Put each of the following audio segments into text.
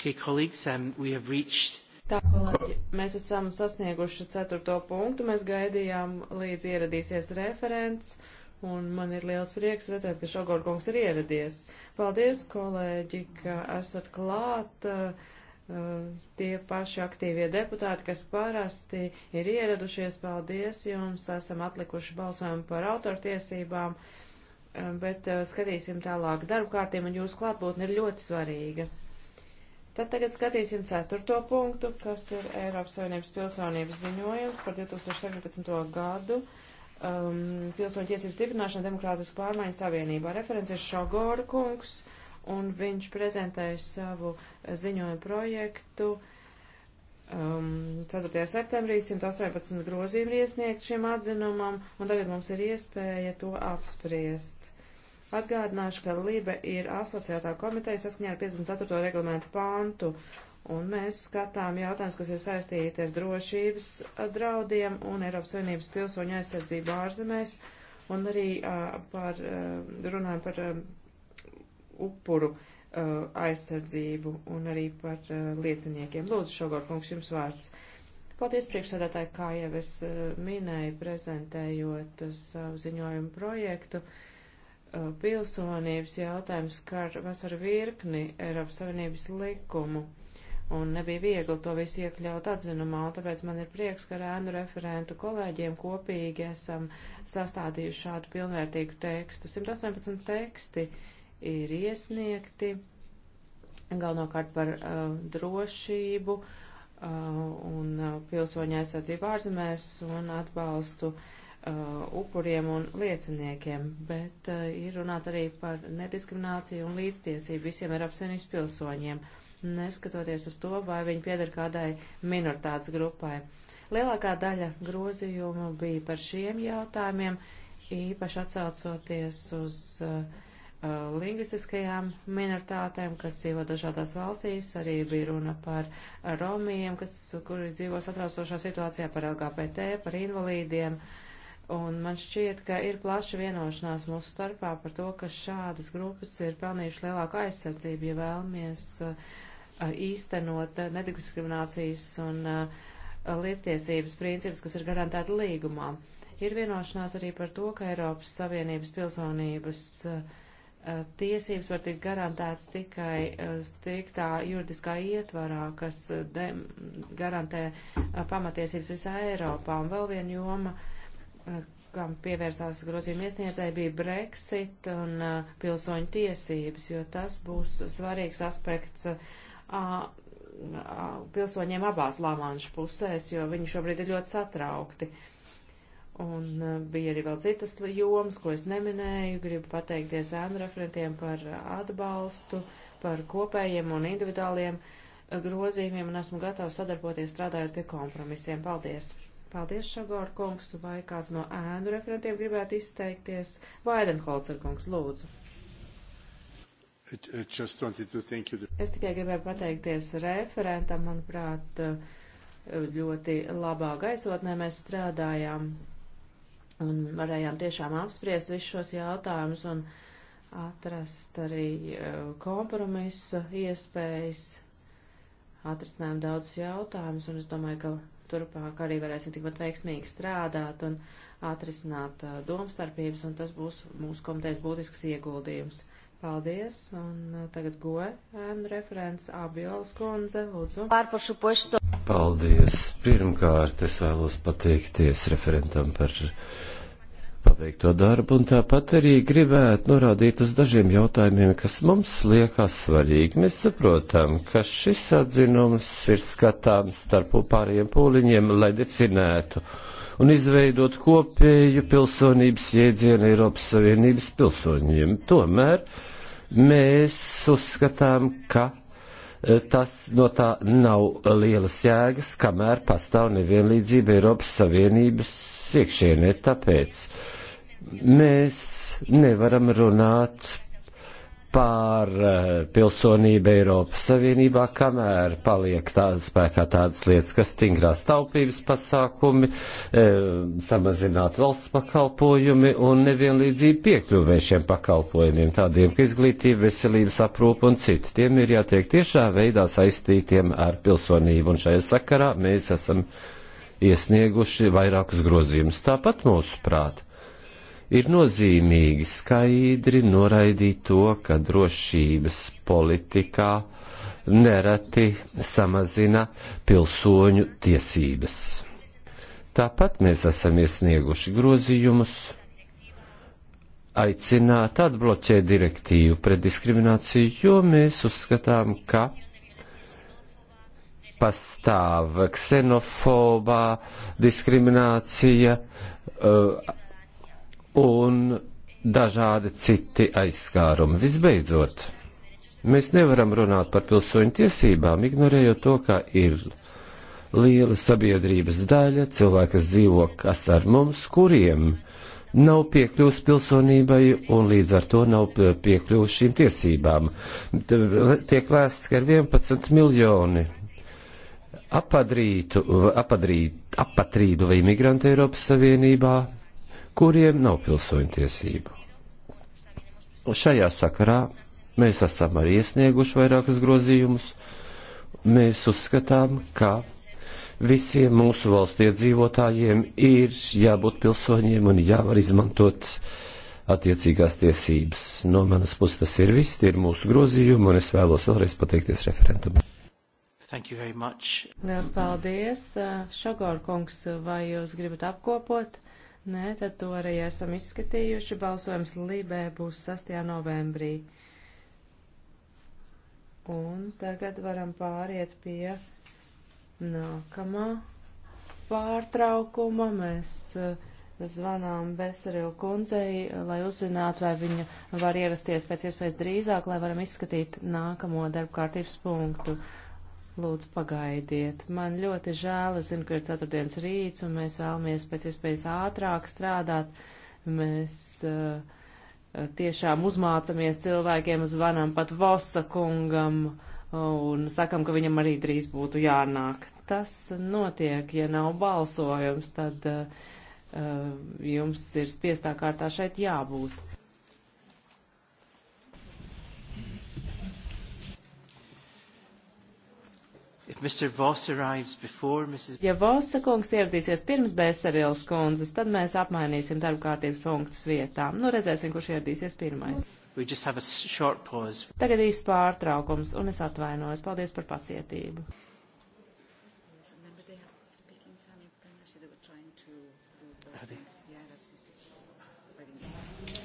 Okay, colleagues, um, we have reached... Tā, kolēģi, mēs esam sasnieguši ceturto punktu. Mēs gaidījām, līdz ieradīsies referents, un man ir liels prieks redzēt, ka Šogorkungs ir ieradies. Paldies, kolēģi, ka esat klāt. Uh, tie paši aktīvie deputāti, kas parasti ir ieradušies, paldies jums, esam atlikuši balsojumu par autortiesībām, um, bet uh, skatīsim tālāk. Darba kārtība un jūsu klātbūtne ir ļoti svarīga. Tad tagad skatīsim ceturto punktu, kas ir Eiropas Savienības pilsonības ziņojums par 2017. gadu um, pilsoņu tiesību stiprināšanu demokrātisku pārmaiņu savienībā. Referents ir Šogora kungs, un viņš prezentēja savu ziņojumu projektu um, 4. septembrī 118 grozījumi ir iesniegt šim atzinumam, un tagad mums ir iespēja to apspriest. Atgādināšu, ka Libe ir asociētā komiteja saskaņā ar 54. reglamentu pāntu, un mēs skatām jautājumus, kas ir saistīti ar drošības draudiem un Eiropas Savienības pilsoņu aizsardzību ārzemēs, un arī uh, par, uh, runājam par uh, upuru uh, aizsardzību un arī par uh, lieciniekiem. Lūdzu, Šogor kungs, jums vārds. Paldies priekšsēdētāji, kā jau es uh, minēju, prezentējot uh, savu ziņojumu projektu. Uh, Uh, pilsonības jautājums skar vasaru virkni Eiropas Savienības likumu, un nebija viegli to visu iekļaut atzinumā, un tāpēc man ir prieks, ka ar ēnu referentu kolēģiem kopīgi esam sastādījuši šādu pilnvērtīgu tekstu. 118 teksti ir iesniegti, galvenokārt par uh, drošību uh, un uh, pilsoņu aizsardzību ārzemēs un atbalstu uh, uh, upuriem un lieciniekiem, bet uh, ir runāts arī par nediskrimināciju un līdztiesību visiem Eiropas Savienības pilsoņiem, neskatoties uz to, vai viņi pieder kādai minoritātes grupai. Lielākā daļa grozījumu bija par šiem jautājumiem, īpaši atsaucoties uz uh, uh lingvistiskajām minoritātēm, kas dzīvo dažādās valstīs, arī bija runa par romiem, kas, kuri dzīvo satraucošā situācijā, par LGBT, par invalīdiem, uh, Un man šķiet, ka ir plaša vienošanās mūsu starpā par to, ka šādas grupas ir pelnījušas lielāku aizsardzību, ja vēlamies uh, uh, īstenot uh, nediskriminācijas un līdztiesības principus, kas ir garantēti līgumā. Ir vienošanās arī par to, ka Eiropas Savienības pilsonības tiesības var tikt garantētas tikai striktā juridiskā ietvarā, kas garantē pamatiesības visā Eiropā. Un vēl viena joma kam pievērsās grozījuma iesniedzēji, bija Brexit un uh, pilsoņu tiesības, jo tas būs svarīgs aspekts uh, uh, pilsoņiem abās Lamanšu pusēs, jo viņi šobrīd ir ļoti satraukti. Un uh, bija arī vēl citas jomas, ko es neminēju. Gribu pateikties Andra referentiem par atbalstu, par kopējiem un individuāliem uh, grozījumiem, un esmu gatavs sadarboties strādājot pie kompromisiem. Paldies! Paldies, Šagor kungs, vai kāds no ēnu referentiem gribētu izteikties? Vaidenholzer kungs, lūdzu. Es tikai gribēju pateikties referentam, manuprāt, ļoti labā gaisotnē mēs strādājām un varējām tiešām apspriest visus šos jautājumus un atrast arī e, kompromisu iespējas, atrisinājām daudzus jautājumus un es domāju, ka turpāk arī varēsim tikpat veiksmīgi strādāt un atrisināt uh, domstarpības, un tas būs mūsu komitejas būtisks ieguldījums. Paldies, un uh, tagad goe ēnu referents Abiolas kundze, lūdzu. Paldies. Pirmkārt, es vēlos pateikties referentam par paveikto darbu, un tāpat arī gribētu norādīt uz dažiem jautājumiem, kas mums liekas svarīgi. Mēs saprotam, ka šis atzinums ir skatāms starp pārējiem pūliņiem, lai definētu un izveidot kopēju pilsonības jēdzienu Eiropas Savienības pilsoņiem. Tomēr mēs uzskatām, ka e, tas no tā nav lielas jēgas, kamēr pastāv nevienlīdzība Eiropas Savienības iekšienē. Tāpēc mēs nevaram runāt par eh, pilsonību Eiropas Savienībā, kamēr paliek tādas spēkā tādas lietas, kas stingrās taupības pasākumi, e, samazināt valsts pakalpojumi un nevienlīdzību piekļuvē šiem pakalpojumiem, tādiem kā izglītība, veselības aprūpa un citi. Tiem ir jātiek tiešā veidā saistītiem ar pilsonību, un šajā sakarā mēs esam iesnieguši vairākus grozījumus. Tāpat mūsu prāt ir nozīmīgi skaidri noraidīt to, ka drošības politikā nereti samazina pilsoņu tiesības. Tāpat mēs esam iesnieguši grozījumus aicināt atbloķēt direktīvu pret diskrimināciju, jo mēs uzskatām, ka pastāv ksenofobā diskriminācija, uh, un dažādi citi aizskārumi. Visbeidzot, mēs nevaram runāt par pilsoņu tiesībām, ignorējot to, ka ir liela sabiedrības daļa, cilvēki, kas dzīvo kas ar mums, kuriem nav piekļuvis pilsonībai un līdz ar to nav piekļuvis šīm tiesībām. Tiek lēsts, ka ir 11 miljoni apadrītu, apadrīt, apatrīdu vai imigrantu Eiropas Savienībā, kuriem nav pilsoņtiesību. Šajā sakarā mēs esam arī iesnieguši vairākas grozījumus. Mēs uzskatām, ka visiem mūsu valsts iedzīvotājiem ir jābūt pilsoņiem un jāvar izmantot attiecīgās tiesības. No manas puses tas ir viss, tie ir mūsu grozījumi, un es vēlos vēlreiz pateikties referentam. Lielas paldies. Šogor kungs, vai jūs gribat apkopot? Nē, tad to arī esam izskatījuši. Balsojums Libē būs 6. novembrī. Un tagad varam pāriet pie nākamā pārtraukuma. Mēs eh, zvanām Besaril kundzei, lai uzzinātu, vai viņa var ierasties pēc iespējas drīzāk, lai varam izskatīt nākamo darbkārtības punktu. Lūdzu, pagaidiet. Man ļoti žēl, es zinu, ka ir ceturtdienas rīts, un mēs vēlamies pēc iespējas ātrāk strādāt. Mēs uh, tiešām uzmācamies cilvēkiem, zvanam pat Vosa kungam un sakam, ka viņam arī drīz būtu jānāk. Tas notiek, ja nav balsojums, tad uh, uh jums ir spiestā kārtā šeit jābūt. Before, Mrs... Ja Vosa kungs ieradīsies pirms Bēserils kundzes, tad mēs apmainīsim darba kārtības punktus vietām. Nu, redzēsim, kurš ieradīsies pirmais. Tagad īsts pārtraukums, un es atvainojos. Paldies par pacietību. Are they? Yeah, that's Mr. Redding.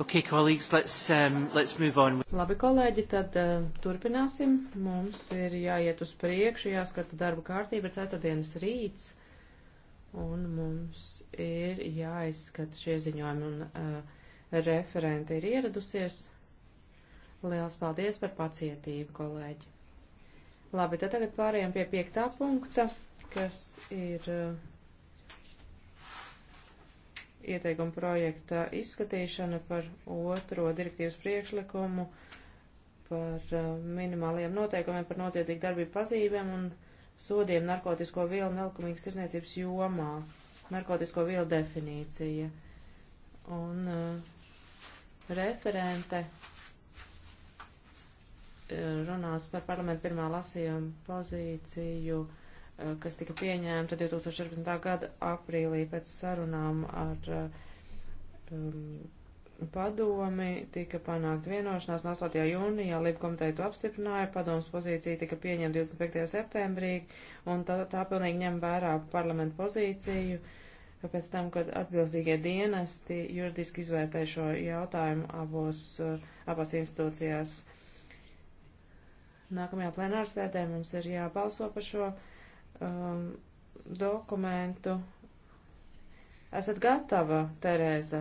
Okay, colleagues, let's, um, let's move on. Labi, kolēģi, tad uh, turpināsim. Mums ir jāiet uz priekšu, jāskata darba kārtība ir ceturtdienas rīts, un mums ir jāizskata šie ziņojumi, un uh, referente ir ieradusies. Liels paldies par pacietību, kolēģi. Labi, tad tagad pārējām pie piektā punkta, kas ir. Uh, ieteikuma projekta izskatīšana par otro direktīvas priekšlikumu par uh, minimāliem noteikumiem par noziedzīgu darbību pazīmēm un sodiem narkotisko vielu nelikumīgas tirsniecības jomā, narkotisko vielu definīcija. Un uh, referente uh, runās par parlamentu pirmā lasījuma pozīciju uh, Eh, kas tika pieņēmta 2014. gada aprīlī pēc sarunām ar eh, um, padomi, tika panākt vienošanās no 8. jūnijā, Lība komiteja to apstiprināja, padomas pozīcija tika pieņemta 25. septembrī, un tā, tā pilnīgi ņem vērā parlamentu pozīciju, pēc tam, kad atbildīgie dienesti juridiski izvērtēja šo jautājumu abos, eh, abās institūcijās. Nākamajā plenārsēdē mums ir jābalso par šo jautājumu um, dokumentu. Esat gatava, Terēza?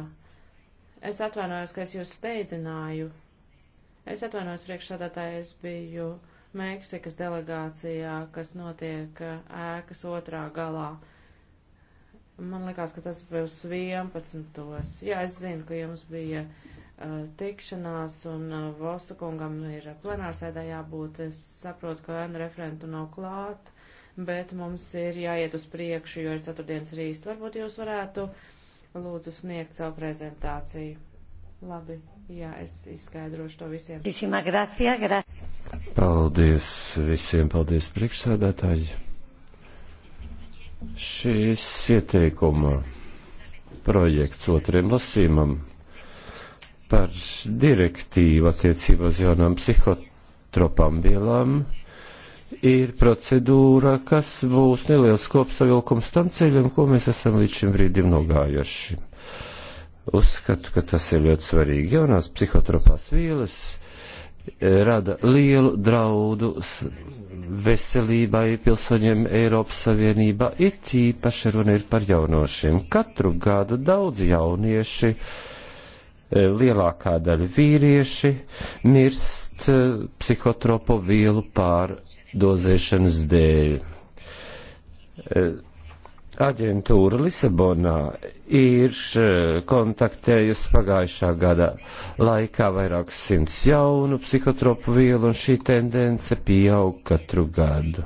Es atvainojos, ka es jūs steidzināju. Es atvainojos priekšsādātāju, es biju Meksikas delegācijā, kas notiek uh, ēkas otrā galā. Man liekas, ka tas būs 11. Jā, es zinu, ka jums bija uh, tikšanās un uh, Vosa kungam ir plenārsēdē jābūt. Es saprotu, ka N referentu nav klāt bet mums ir jāiet uz priekšu, jo ir ceturtdienas rīst. Varbūt jūs varētu lūdzu sniegt savu prezentāciju. Labi, jā, es izskaidrošu to visiem. Paldies visiem, paldies priekšsēdētāji. Šis ieteikuma projekts otriem lasījumam par direktīvu attiecībā uz jaunām psihotropām vielām ir procedūra, kas būs neliels kopsavilkums tam ceļam, ko mēs esam līdz šim brīdim nogājuši. Uzskatu, ka tas ir ļoti svarīgi. Jaunās psihotropās vielas eh, rada lielu draudu veselībai pilsoņiem Eiropas Savienībā, it īpaši runa ir par jaunošiem. Katru gadu daudz jaunieši uh, Eh, lielākā daļa vīrieši mirst eh, psihotropo vielu pārdozēšanas dēļ. Eh, aģentūra Lisabonā ir kontaktējusi pagājušā gada laikā vairākus simtus jaunu psihotropu vielu, un šī tendence pieaug katru gadu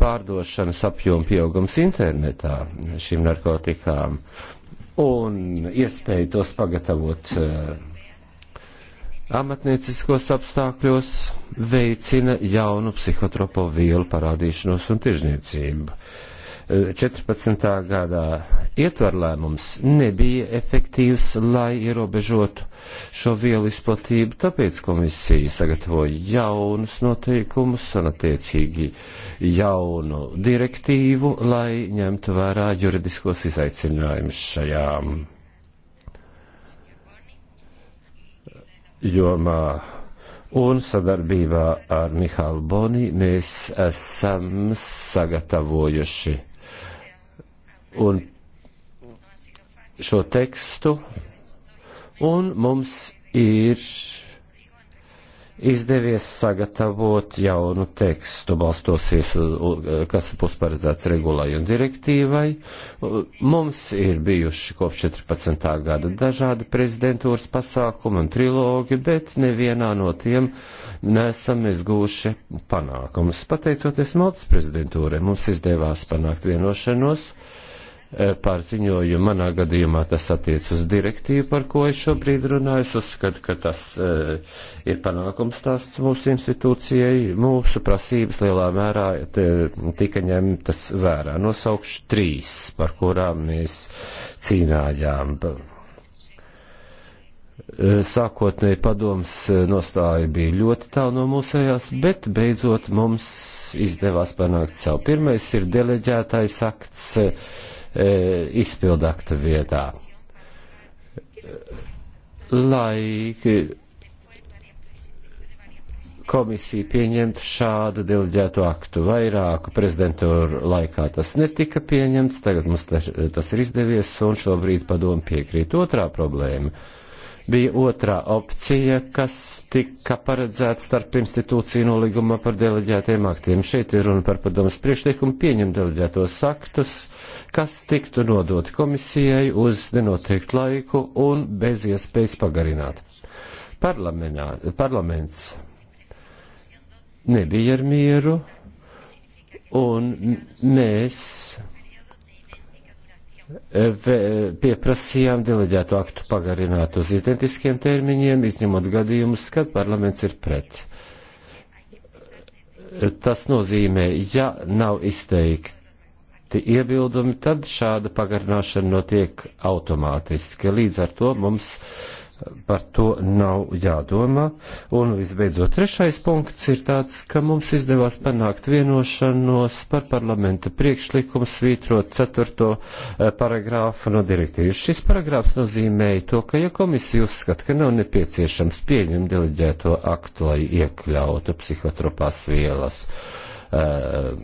pārdošanas apjoma pieaugums internetā šīm narkotikām un iespēju tos pagatavot eh, amatnieciskos apstākļos veicina jaunu psihotropo vielu parādīšanos un tirzniecību. 14. gadā ietvarlēmums nebija efektīvs, lai ierobežotu šo vielu izplatību, tāpēc komisija sagatavoja jaunus noteikumus un attiecīgi jaunu direktīvu, lai ņemtu vērā juridiskos izaicinājumus šajām jomā. Un sadarbībā ar Mihālu Boni mēs esam sagatavojuši un šo tekstu, un mums ir izdevies sagatavot jaunu tekstu, balstosies, kas būs paredzēts regulai un direktīvai. Mums ir bijuši kopš 14. gada dažādi prezidentūras pasākumi un trilogi, bet nevienā no tiem nesam izgūši panākumus. Pateicoties Maltas prezidentūrai, mums izdevās panākt vienošanos. Uh, Eh, par ziņojumu. Manā gadījumā tas attiec uz direktīvu, par ko es šobrīd runāju. Es uzskatu, ka tas eh, ir panākums stāsts mūsu institūcijai. Mūsu prasības lielā mērā tika ņemtas vērā. Nosaukšu trīs, par kurām mēs cīnājām. Eh, sākotnēji padoms nostāja bija ļoti tālu no mūsējās, bet beidzot mums izdevās panākt savu. Pirmais ir deleģētais akts E, izpildakta vietā. Lai komisija pieņemtu šādu diliģētu aktu vairāku prezidentūru laikā. Tas netika pieņemts, tagad mums tas ir izdevies un šobrīd padomu piekrīt. Otrā problēma bija otrā opcija, kas tika paredzēta starp institūciju nolīgumā par deleģētiem aktiem. Šeit ir runa par padomas priekšlikumu pieņemt deleģētos aktus, kas tiktu nodoti komisijai uz nenoteiktu laiku un bez iespējas pagarināt. Parlaments nebija ar mieru, un mēs Eh, eh, pieprasījām deleģētu aktu pagarināt uz identiskiem termiņiem, izņemot gadījumus, kad parlaments ir pret. Eh, tas nozīmē, ja nav izteikti iebildumi, tad šāda pagarināšana notiek automātiski. Līdz ar to mums par to nav jādomā. Un visbeidzot, trešais punkts ir tāds, ka mums izdevās panākt vienošanos par parlamenta priekšlikumu svītrot ceturto eh, paragrāfu no direktīvas. Šis paragrāfs nozīmēja to, ka ja komisija uzskata, ka nav nepieciešams pieņemt deleģēto aktu, lai iekļautu psihotropās vielas. Uh,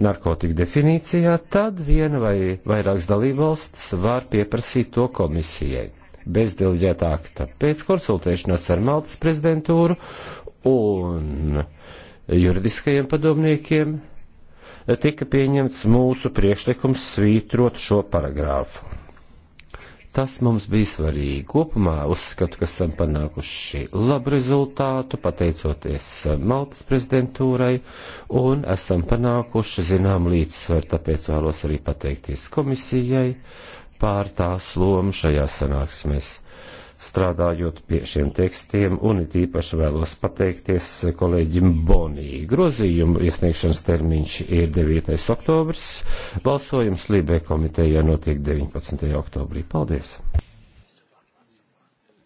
narkotika definīcijā, tad viena vai vairākas dalībvalstis var pieprasīt to komisijai bez dilģēta akta. Pēc konsultēšanās ar Maltas prezidentūru un juridiskajiem padomniekiem tika pieņemts mūsu priekšlikums svītrot šo paragrāfu. Tas mums bija svarīgi. Kopumā uzskatu, ka esam panākuši labu rezultātu, pateicoties Maltas prezidentūrai, un esam panākuši zinām līdzsvaru, tāpēc vēlos arī pateikties komisijai pār tās lomu šajā sanāksmēs. Strādājot pie šiem tekstiem, un it īpaši vēlos pateikties kolēģim Bonī. Grozījuma iesniegšanas termiņš ir 9. oktobrs, balsojums Lībē komitejā notiek 19. oktobrī. Paldies!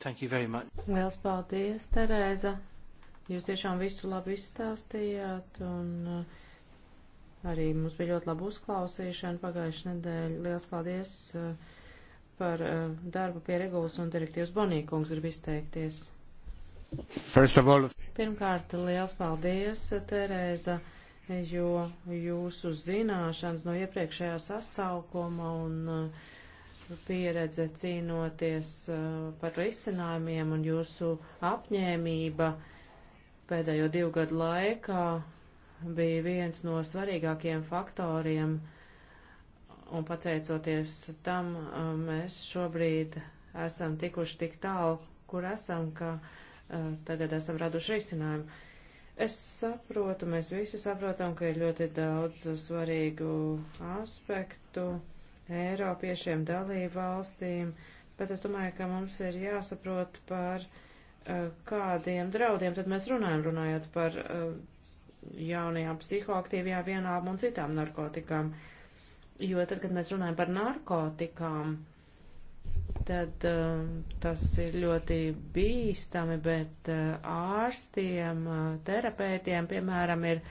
Liels paldies, Terēza! Jūs tiešām visu labi izstāstījāt, un uh, Arī mums bija ļoti laba uzklausīšana pagājušajā nedēļā. Lielas paldies uh, par uh, darbu pie regulas un direktīvas. Bonīkungs grib izteikties. All... Pirmkārt, liels paldies, uh, Terēza, jo jūsu zināšanas no iepriekšējā sasaukuma un uh, pieredze cīnoties uh, par risinājumiem un jūsu apņēmība pēdējo divu gadu laikā bija viens no svarīgākajiem faktoriem, un pateicoties tam, uh, mēs šobrīd esam tikuši tik tālu, kur esam, ka uh, tagad esam raduši risinājumu. Es saprotu, mēs visi saprotam, ka ir ļoti daudz svarīgu aspektu Eiropiešiem dalību valstīm, bet es domāju, ka mums ir jāsaprot par uh, kādiem draudiem tad mēs runājam, runājot par uh, jaunajām psihoaktīvajām vienām un citām narkotikām. Jo tad, kad mēs runājam par narkotikām, tad uh, tas ir ļoti bīstami, bet uh, ārstiem, uh, terapeitiem, piemēram, ir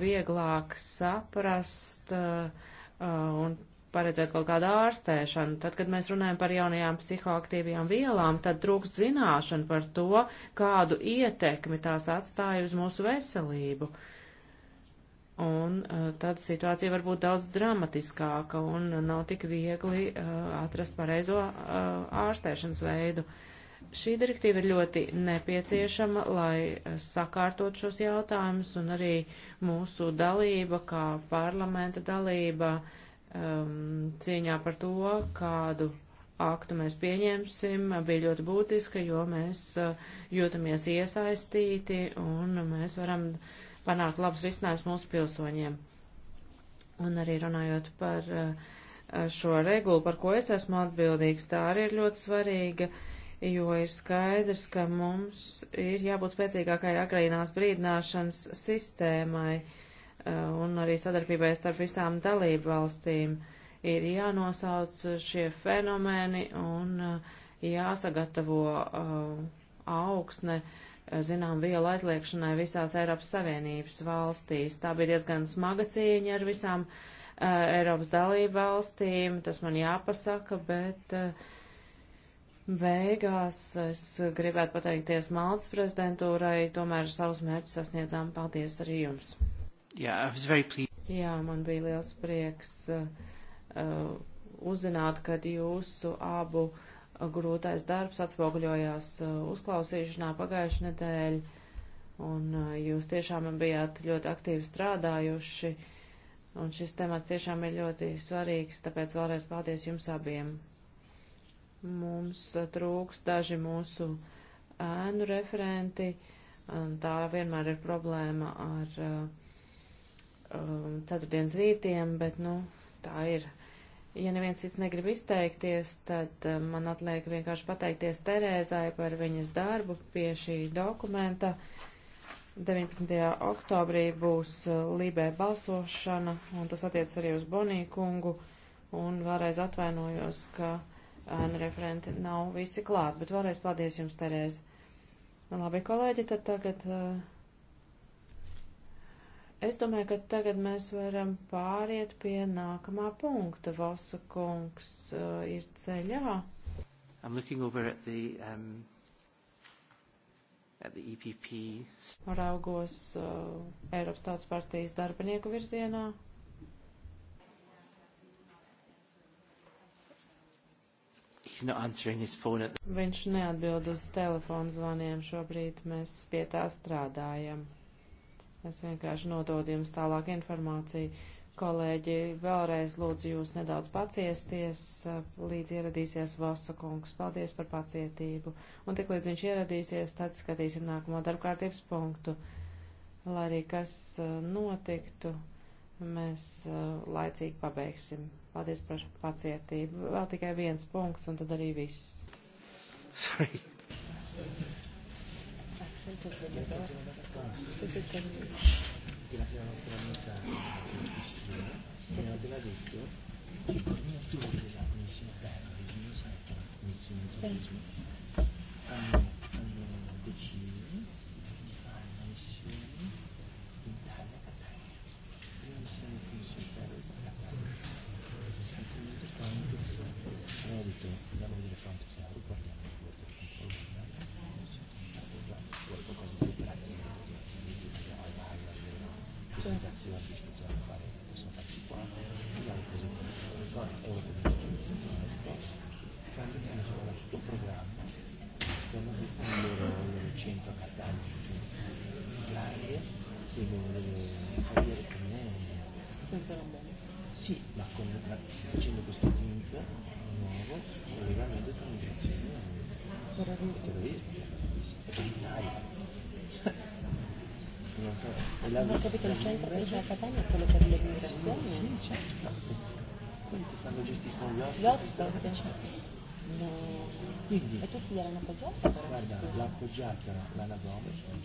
vieglāk saprast un paredzēt kaut kādu ārstēšanu. Tad, kad mēs runājam par jaunajām psihoaktīvajām vielām, tad trūkst zināšana par to, kādu ietekmi tās atstāja uz mūsu veselību. Un uh, tad situācija var būt daudz dramatiskāka un nav tik viegli uh, atrast pareizo uh, ārstēšanas veidu. Šī direktīva ir ļoti nepieciešama, lai sakārtot šos jautājumus un arī mūsu dalība, kā parlamenta dalība, uh, um, cīņā par to, kādu aktu mēs pieņemsim, bija ļoti būtiska, jo mēs uh, jūtamies iesaistīti un mēs varam panākt labus risinājumus mūsu pilsoņiem. Un arī runājot par uh, šo regulu, par ko es esmu atbildīgs, tā arī ir ļoti svarīga, jo ir skaidrs, ka mums ir jābūt spēcīgākai agrīnās brīdināšanas sistēmai. Uh, Eh, un arī sadarbībai starp visām dalību valstīm ir jānosauc šie fenomeni un eh, jāsagatavo eh, augsne zinām vielu aizliekšanai visās Eiropas Savienības valstīs. Tā bija diezgan smaga cīņa ar visām uh, Eiropas dalību valstīm, tas man jāpasaka, bet uh, beigās es gribētu pateikties Maltas prezidentūrai, tomēr savus mērķus sasniedzām. Paldies arī jums! yeah, Jā, man bija liels prieks uh, uh uzzināt, kad jūsu abu uh, grūtais darbs atspoguļojās uh, uzklausīšanā pagājušajā nedēļā, un uh, jūs tiešām bijāt ļoti aktīvi strādājuši, un šis temats tiešām ir ļoti svarīgs, tāpēc vēlreiz paldies jums abiem. Mums uh, trūks daži mūsu ēnu referenti, un tā vienmēr ir problēma ar uh, um, ceturtdienas rītiem, bet, nu, tā ir. Ja neviens cits negrib izteikties, tad um, man atliek vienkārši pateikties Terēzai par viņas darbu pie šī dokumenta. 19. oktobrī būs uh, Lībē balsošana, un tas attiec arī uz Boniju kungu, un vēlreiz atvainojos, ka ēnu referenti nav visi klāt, bet vēlreiz paldies jums, Terēze. Labi, kolēģi, tad tagad. Uh, Es domāju, ka tagad mēs varam pāriet pie nākamā punkta. Vosa kungs uh, ir ceļā. I'm looking over at the, um, at the EPP. Raugos uh, Eiropas Tautas partijas darbinieku virzienā. He's not answering his phone at the... Viņš neatbild uz telefonu zvaniem šobrīd. Mēs pie tā strādājam. Es vienkārši nododu jums tālāk informāciju. Kolēģi, vēlreiz lūdzu jūs nedaudz paciesties, līdz ieradīsies Vosa kungs. Paldies par pacietību. Un tik līdz viņš ieradīsies, tad skatīsim nākamo darbkārtības punktu. Lai arī kas eh, notiktu, mēs eh, laicīgi pabeigsim. Paldies par pacietību. Vēl tikai viens punkts, un tad arī viss. Sorry che la sera nostra amica Cristina mi aveva detto che il coordinatore della commissione interna, della commissione interna, hanno facendo questo link nuovo collegamento tra migrazione e terrorismo e l'Italia non so e la ma capito il centro che c'è a Catania è quello per le migrazioni sì, sì certo quelli che fanno gestiscono gli ospiti gli ospiti No. Quindi, e tutti erano appoggiati? Guarda, l'appoggiata, l'anagoma, non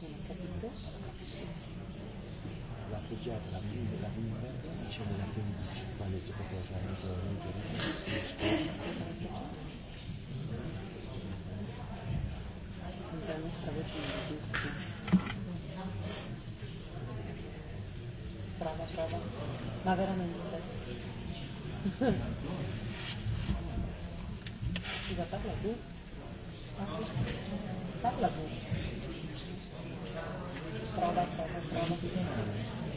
ho capito la peggiore, la migliore, la migliore, diciamo la felice, quando tu puoi fare il tuo amico. Sentiamo questa voce di tutti. Brava, brava, ma veramente. Ah, Scusa, parla tu. Parla tu. Prova, prova, prova.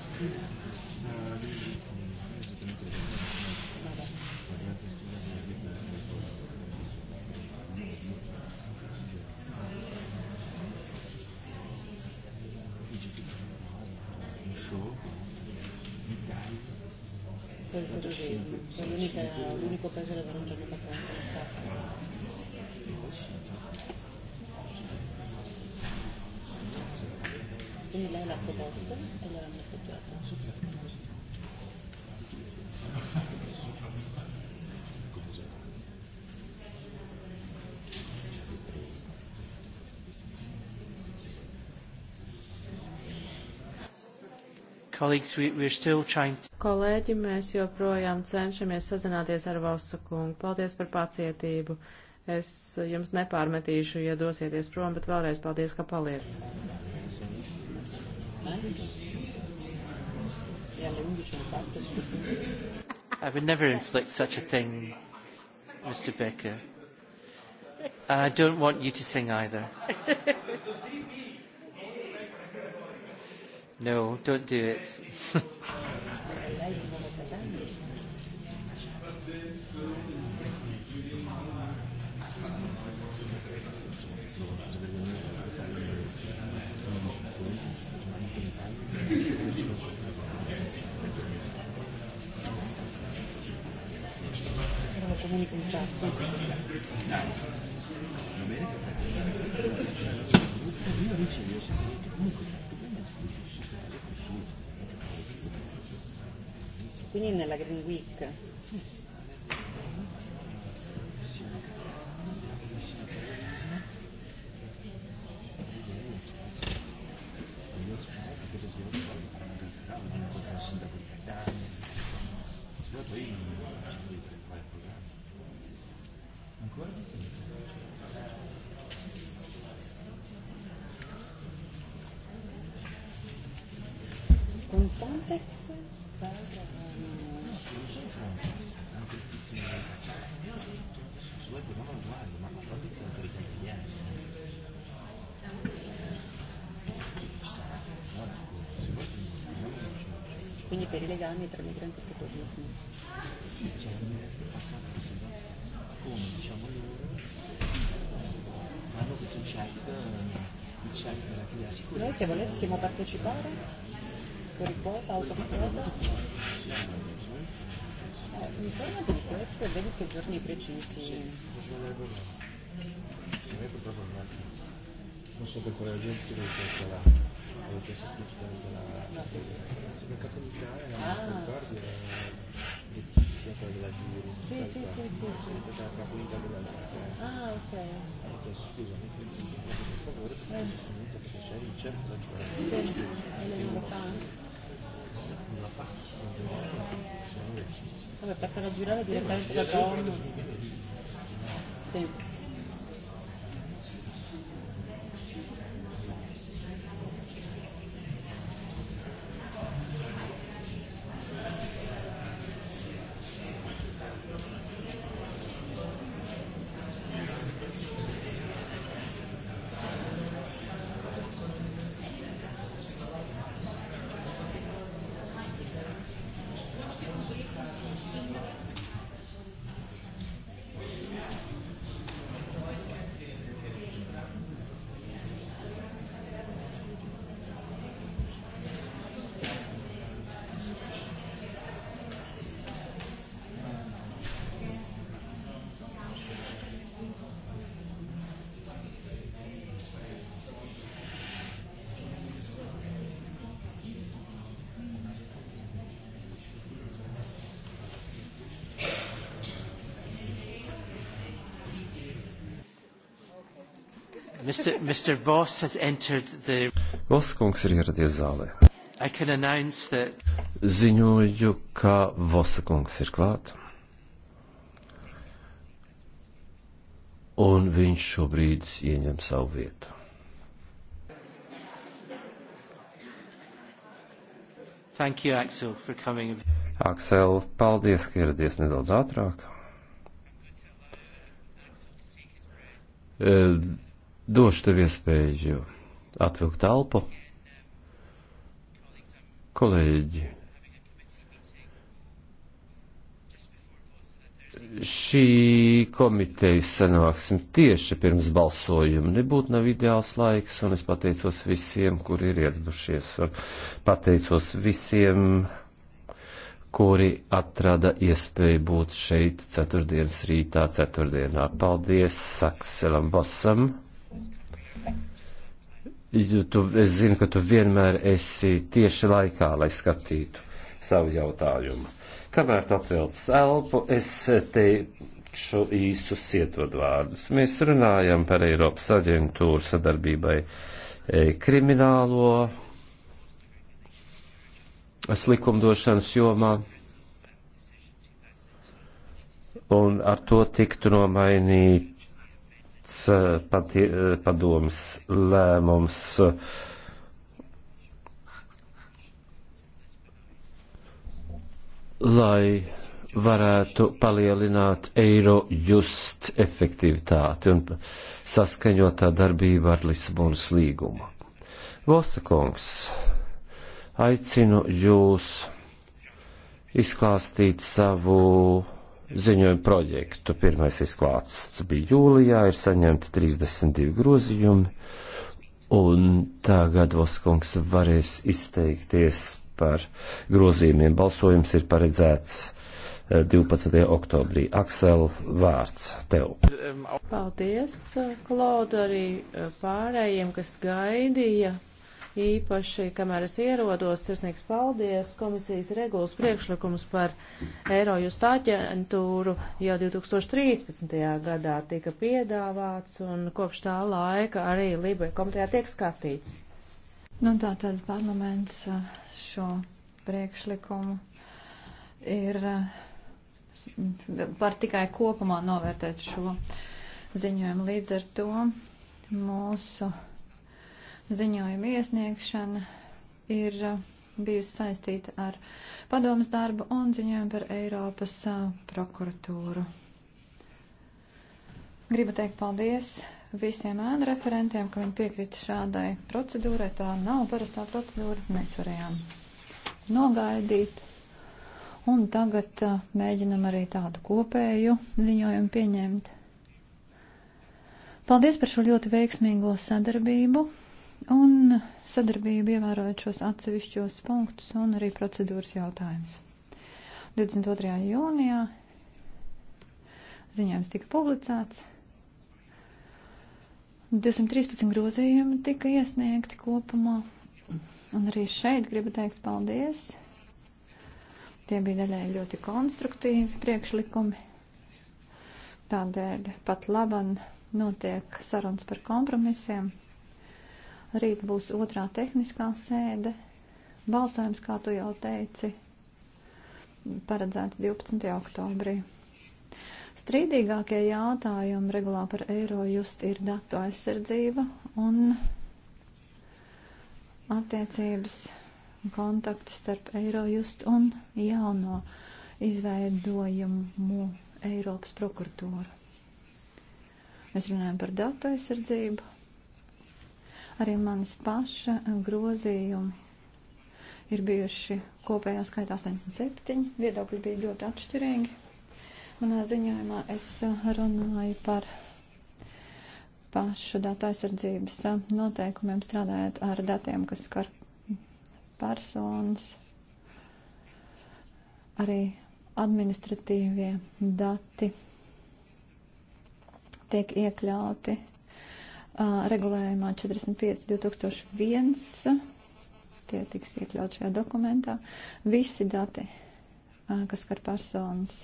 poi cosa vedi? È l'unica, l'unico paese dove non c'è mai fatto una Quindi lei l'ha proposto? Kolēģi, mēs joprojām cenšamies sazināties ar Valsu kungu. Paldies par pacietību. Es jums nepārmetīšu, ja dosieties prom, bet vēlreiz paldies, ka paliek. Thanks. I would never inflict such a thing, Mr. Becker. And I don't want you to sing either. No, don't do it. ogni contratto. Quindi nella Green Week Frontex per anche tutti se vuoi proviamo a guardare ma Frontex è anche riconsigliare quindi per i legami tra migranti e terrorismo sì cioè passano così come diciamo loro hanno questo check eh, il check della sicurezza noi se volessimo partecipare questo ricorda autostrada? Eh, informati di questo e vedi che giorni precisi. Sì, non è proprio il massimo. Non so per quale ragione ti devo questo là. Avevo chiesto scusa della... Il mercato di Italia, ah. ricordi, era sia quella della Giri, sì, sì, sì, sì, sì. della Capuita della Giri. Ah, ok. Ho eh, chiesto scusa, mi chiedo per favore, perché eh. sono venuto perché c'è Richard, la giornata. Sì, è l'importante non l'ha fatto. Vabbè, per farla girare direttamente da Roma. Sì. Mr. Mr. Voss has entered the... Voss kungs ir ieradies zālē. I can announce that... Ziņoju, ka Vossa kungs ir klāt. Un viņš šobrīd ieņem savu vietu. Thank you, Axel, for coming. Aksel, paldies, ka ieradies nedaudz ātrāk. Uh, Došu tev iespēju atvilkt elpu. Kolēģi, šī komitejas sanāksme tieši pirms balsojuma nebūtu nav ideāls laiks, un es pateicos visiem, kuri ir ieradušies, un pateicos visiem, kuri atrada iespēju būt šeit ceturtdienas rītā, ceturtdienā. Paldies Sakselam Bosam! Jo tu, es zinu, ka tu vienmēr esi tieši laikā, lai skatītu savu jautājumu. Kamēr tu atvelc elpu, es teikšu īsus ietodvārdus. Mēs runājam par Eiropas aģentūru sadarbībai e, kriminālo likumdošanas jomā, un ar to tiktu nomainīt pats eh, pati, eh, padomas lēmums. Lai varētu palielināt eiro just efektivitāti un saskaņotā darbība ar Lisabonas līgumu. Vosakungs, aicinu jūs izklāstīt savu ziņojumu projektu. Pirmais izklāsts bija jūlijā, ir saņemti 32 grozījumi, un tagad Voskungs varēs izteikties par grozījumiem. Balsojums ir paredzēts 12. Eh, oktobrī. Aksel, vārds tev. Paldies, Klauda, arī eh, pārējiem, kas gaidīja īpaši, kamēr es ierodos, sirsnīgs paldies komisijas regulas priekšlikums par Eirojust aģentūru jau 2013. gadā tika piedāvāts un kopš tā laika arī Lībe komitejā tiek skatīts. Nu, tā tad parlaments šo priekšlikumu ir var tikai kopumā novērtēt šo ziņojumu. Līdz ar to mūsu ziņojuma iesniegšana ir uh, bijusi saistīta ar padomas darbu un ziņojumu par Eiropas uh, prokuratūru. Gribu teikt paldies visiem ēnu referentiem, ka viņi piekrita šādai procedūrai. Tā nav parastā procedūra. Mēs varējām nogaidīt. Un tagad uh, mēģinam arī tādu kopēju ziņojumu pieņemt. Paldies par šo ļoti veiksmīgo sadarbību un sadarbību ievērojot šos atsevišķos punktus un arī procedūras jautājumus. 22. jūnijā ziņojums tika publicēts. 213 grozījumi tika iesniegti kopumā, un arī šeit gribu teikt paldies. Tie bija daļai ļoti konstruktīvi priekšlikumi. Tādēļ pat laban notiek sarunas par kompromisiem Rīt būs otrā tehniskā sēde. Balsojums, kā tu jau teici, paredzēts 12. oktobrī. Strīdīgākie jautājumi regulā par eiro just ir datu aizsardzība un attiecības kontakti starp eiro just un jauno izveidojumu Eiropas prokuratūru. Mēs runājam par datu aizsardzību, Arī manis paša grozījumi ir bijuši kopējā skaitā 87. Viedokļi bija ļoti atšķirīgi. Manā ziņojumā es runāju par pašu datu aizsardzības noteikumiem strādājot ar datiem, kas skar personas, arī administratīvie dati tiek iekļauti regulējumā 45.2001. Tie tiks iekļaut šajā dokumentā. Visi dati, kas skar personas,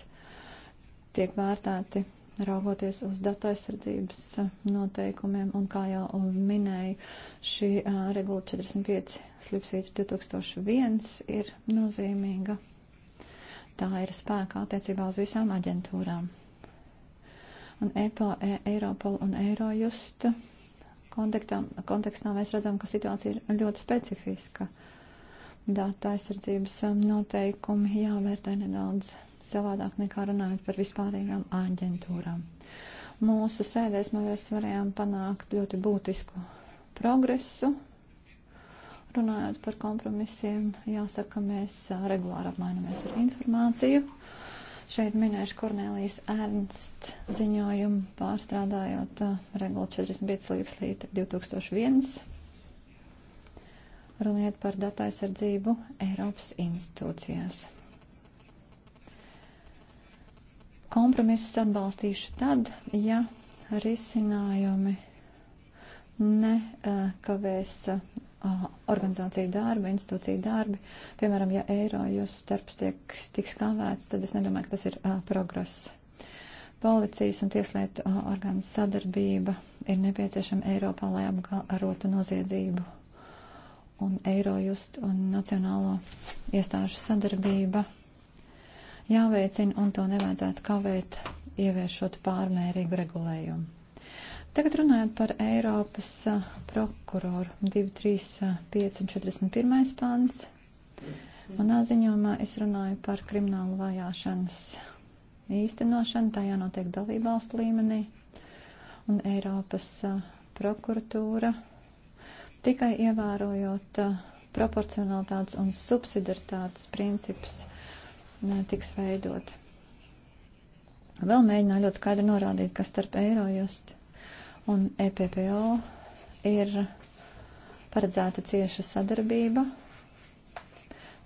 tiek vērtēti raugoties uz datu aizsardzības noteikumiem, un kā jau minēju, šī regula 45 slipsvīta 2001 ir nozīmīga. Tā ir spēkā attiecībā uz visām aģentūrām. Un EPO, e Eiropol un Eirojust kontekstā, kontekstā mēs redzam, ka situācija ir ļoti specifiska. Data aizsardzības um, noteikumi jāvērtē nedaudz savādāk nekā runājot par vispārējām aģentūrām. Mūsu sēdēs mēs varējām panākt ļoti būtisku progresu. Runājot par kompromisiem, jāsaka, mēs uh, regulāri apmainamies ar informāciju. Uh, Šeit minēšu Kornelijas Ernst ziņojumu pārstrādājot uh, regulu 45 līdz 2001. Runiet par datu aizsardzību Eiropas institūcijās. Kompromisus atbalstīšu tad, ja risinājumi nekavēs uh, uh, organizāciju darbu, institūciju darbu. Piemēram, ja eiro jūsu darbs tiek, tiks kavēts, tad es nedomāju, ka tas ir uh, progress. Policijas un tieslietu uh, orgānu sadarbība ir nepieciešama Eiropā, lai apkarotu noziedzību. Un Eirojust un Nacionālo iestāžu sadarbība jāveicina un to nevajadzētu kavēt, ieviešot pārmērīgu regulējumu. Tagad runājot par Eiropas prokuroru 235 un 41. pāns. Manā ziņojumā es runāju par kriminālu vajāšanas īstenošanu, tā jānotiek dalībvalstu līmenī, un Eiropas prokuratūra tikai ievērojot proporcionalitātes un subsidaritātes principus tiks veidot. Vēl mēģināju ļoti skaidri norādīt, kas starp Eirojust un EPPO ir paredzēta cieša sadarbība.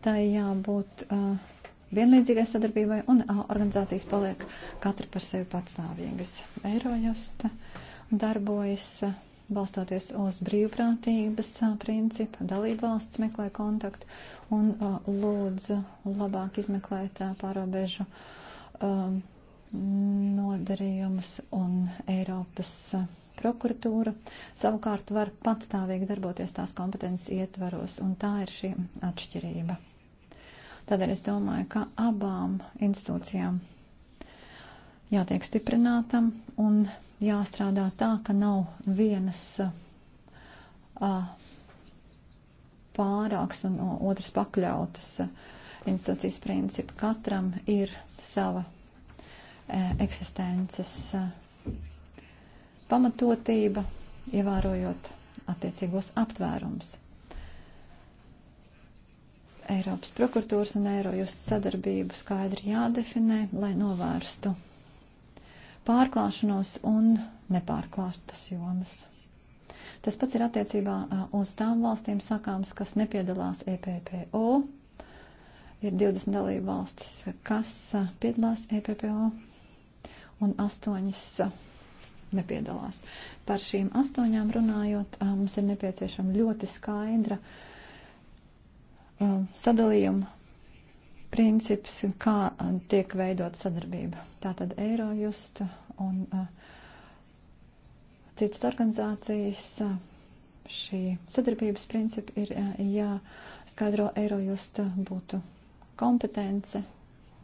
Tā ir jābūt uh, vienlīdzīgai sadarbībai, un uh, organizācijas paliek katra par sevi patstāvīgas. Eirojusta darbojas uh, balstoties uz brīvprātības uh, principu, dalībvalsts meklē kontaktu un uh, lūdzu labāk izmeklēt uh, pārobežu uh, nodarījumus un Eiropas. Uh, prokuratūra savukārt var patstāvīgi darboties tās kompetences ietvaros, un tā ir šī atšķirība. Tādēļ es domāju, ka abām institūcijām jātiek stiprinātam un jāstrādā tā, ka nav vienas uh, pārāks un otrs pakļautas institūcijas principi. Katram ir sava uh, eksistences. Uh, pamatotība, ievērojot attiecīgos aptvērumus. Eiropas prokuratūras un Eirojust sadarbību skaidri jādefinē, lai novērstu pārklāšanos un nepārklāstas jomas. Tas pats ir attiecībā uz tām valstīm sakāms, kas nepiedalās EPPO. Ir 20 dalība valstis, kas piedalās EPPO un 8 nepiedalās. Par šīm astoņām runājot, mums ir nepieciešama ļoti skaidra sadalījuma princips, kā tiek veidot sadarbība. Tātad Eirojust un citas organizācijas šī sadarbības principi ir jāskaidro Eirojust būtu kompetence,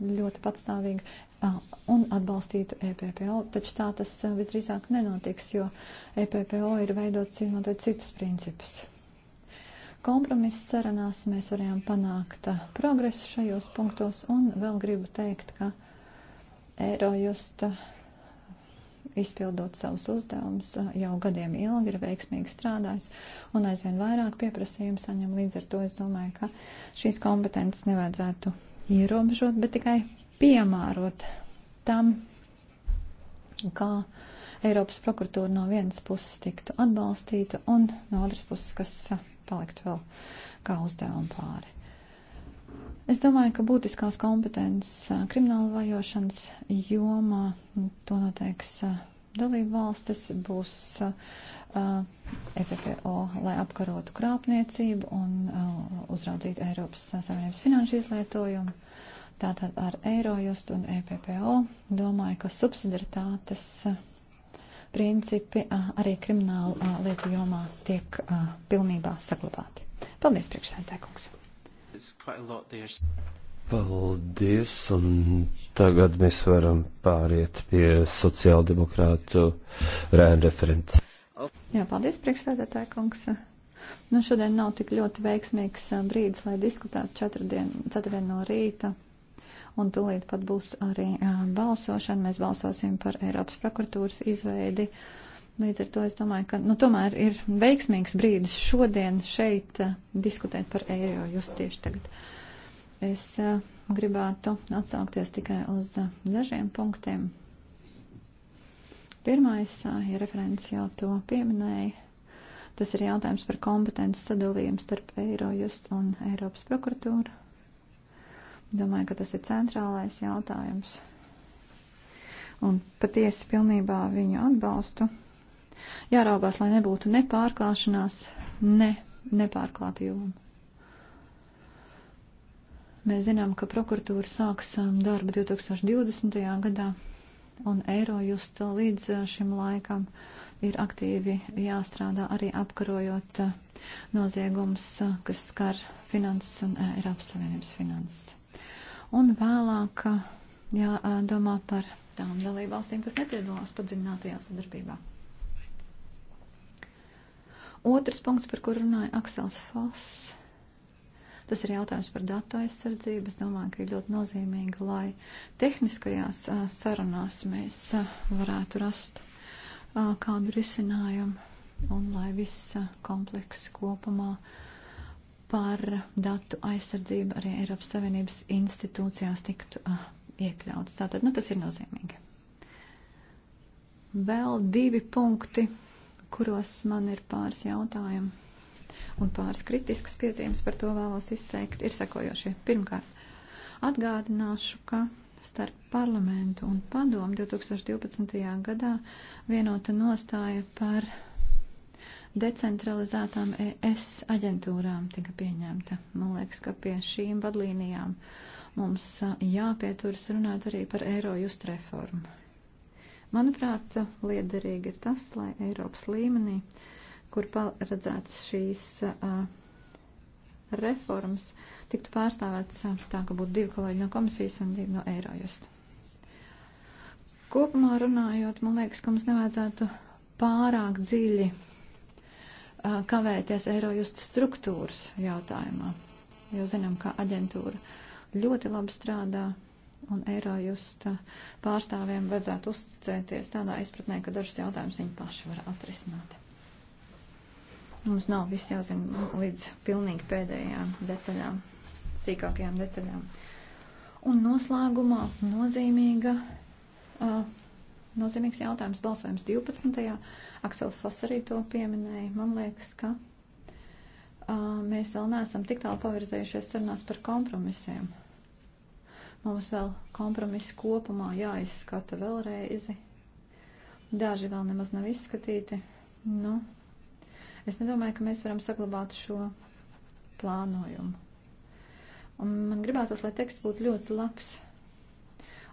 ļoti patstāvīgi un atbalstītu EPPO, taču tā tas visdrīzāk nenotiks, jo EPPO ir veidots izmantojot citus principus. Kompromiss sarunās mēs varējām panākt progresu šajos punktos un vēl gribu teikt, ka Eirojusta izpildot savus uzdevumus, jau gadiem ilgi ir veiksmīgi strādājis un aizvien vairāk pieprasījumu saņem. Līdz ar to es domāju, ka šīs kompetences nevajadzētu ierobežot, bet tikai piemērot tam, kā Eiropas prokuratūra no vienas puses tiktu atbalstīta un no otras puses, kas paliktu vēl kā uzdevumu pāri. Es domāju, ka būtiskās kompetences krimināla vajošanas jomā to noteiks dalību valstis būs uh, uh, FFO, lai apkarotu krāpniecību un uh, uzraudzītu Eiropas Savienības finanšu izlietojumu. Tātad ar Eirojust un EPPO domāju, ka subsidaritātes principi arī kriminālu lietu jomā tiek pilnībā saglabāti. Paldies, priekšsēdētāj, kungs! Paldies, un tagad mēs varam pāriet pie sociāldemokrātu rēna referents. Jā, paldies, priekšstādātāja kungs. Nu, šodien nav tik ļoti veiksmīgs uh, brīdis, lai diskutētu ceturtdien, ceturtdien no rīta. Un tūlīt pat būs arī uh, balsošana. Mēs balsosim par Eiropas prokuratūras izveidi. Līdz ar to es domāju, ka nu, tomēr ir veiksmīgs brīdis šodien šeit uh, diskutēt par eiro just tieši tagad. Uh, Es eh, gribētu atsaukties tikai uz eh, dažiem punktiem. Pirmais, eh, ja referents jau to pieminēja, tas ir jautājums par kompetences sadalījumu starp Eirojust un Eiropas prokuratūru. Domāju, ka tas ir centrālais jautājums. Un patiesi pilnībā viņu atbalstu. Jāraugās, lai nebūtu nepārklāšanās, ne nepārklātu jomu. Mēs zinām, ka prokuratūra sāks um, darbu 2020. gadā, un Eirojust līdz uh, šim laikam ir aktīvi jāstrādā arī apkarojot uh, noziegums, uh, kas skar finanses un Eiropas Savienības finanses. Un vēlāk jādomā par tām dalībvalstīm, kas nepiedalās padziļinātajā sadarbībā. Otrs punkts, par kuru runāja Aksels Foss Tas ir jautājums par datu aizsardzību. Es domāju, ka ir ļoti nozīmīgi, lai tehniskajās sarunās mēs varētu rast kādu risinājumu un lai viss komplekss kopumā par datu aizsardzību arī Eiropas Savienības institūcijās tiktu iekļauts. Tātad, nu, tas ir nozīmīgi. Vēl divi punkti, kuros man ir pāris jautājumu un pāris kritiskas piezīmes par to vēlos izteikt, ir sekojošie. Pirmkārt, atgādināšu, ka starp parlamentu un padomu 2012. gadā vienota nostāja par decentralizētām ES aģentūrām tika pieņemta. Man liekas, ka pie šīm vadlīnijām mums jāpieturas runāt arī par Eirojust reformu. Manuprāt, liederīgi ir tas, lai Eiropas līmenī uh, kur paredzētas šīs reformas, tiktu pārstāvēts tā, ka būtu divi kolēģi no komisijas un divi no Eirojustu. Kopumā runājot, man liekas, ka mums nevajadzētu pārāk dziļi kavēties Eirojust struktūras jautājumā, jo zinām, ka aģentūra ļoti labi strādā un Eirojust pārstāvjiem vajadzētu uzticēties tādā izpratnē, ka dažus jautājumus viņi paši var atrisināt. Mums nav viss jāzina līdz pilnīgi pēdējām detaļām, sīkākajām detaļām. Un noslēgumā nozīmīga, uh, nozīmīgs jautājums balsojums 12. Aksels Foss arī to pieminēja. Man liekas, ka uh, mēs vēl neesam tik tālu pavirzējušies sarunās par kompromisiem. Mums vēl kompromisi kopumā jāizskata vēlreizi. Daži vēl nemaz nav izskatīti. Nu, Es nedomāju, ka mēs varam saglabāt šo plānojumu. Un man gribētos, lai teksts būtu ļoti labs.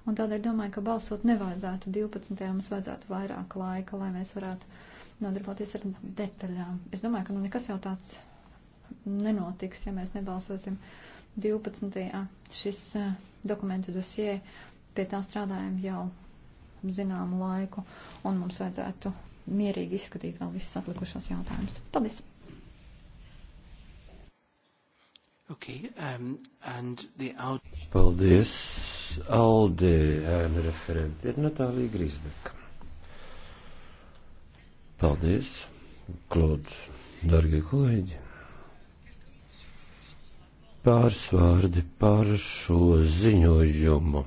Un tādēļ domāju, ka balsot nevajadzētu 12. mums vajadzētu vairāk laika, lai mēs varētu nodarboties ar detaļām. Es domāju, ka nu nekas jau tāds nenotiks, ja mēs nebalsosim 12. šis eh, dokumentu dosie. Pie tā strādājam jau zināmu laiku, un mums vajadzētu mierīgi izskatīt vēl visus atlikušos jautājumus. Paldies! Okay, um, and the out... Paldies, Alde, ēna referenti, ir Natālija Grīsbeka. Paldies, Klod, dargie kolēģi. Pāris vārdi par šo ziņojumu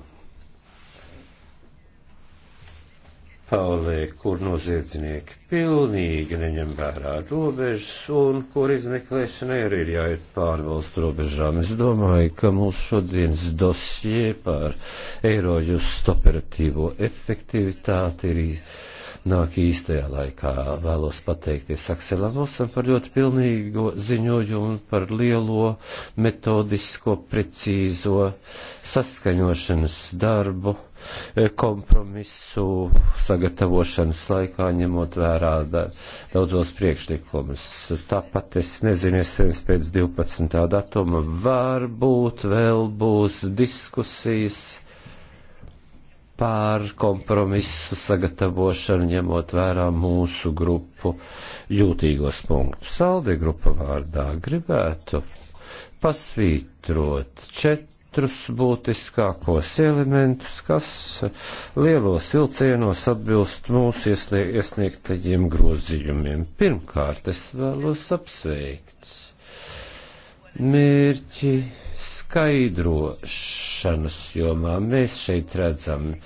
pasaulē, kur noziedznieki pilnīgi neņem vērā robežas un kur izmeklēšanai arī ir jāiet pārvalstu robežām. Es domāju, ka mūsu šodienas dosie par Eirojustu operatīvo efektivitāti ir nāk īstajā laikā. Vēlos pateikties Akselam Osam par ļoti pilnīgo ziņojumu, par lielo metodisko, precīzo saskaņošanas darbu kompromisu sagatavošanas laikā, ņemot vērā daudzos priekšlikumus. Tāpat es nezinu, iespējams pēc 12. datuma varbūt vēl būs diskusijas pār kompromisu sagatavošanu, ņemot vērā mūsu grupu jūtīgos punktus. Saldi grupa vārdā gribētu pasvītrot četri četrus būtiskākos elementus, kas lielos vilcienos atbilst mūsu iesniegtajiem grozījumiem. Pirmkārt, es vēlos apsveikt mērķi skaidrošanas jomā. Mēs šeit redzam uh,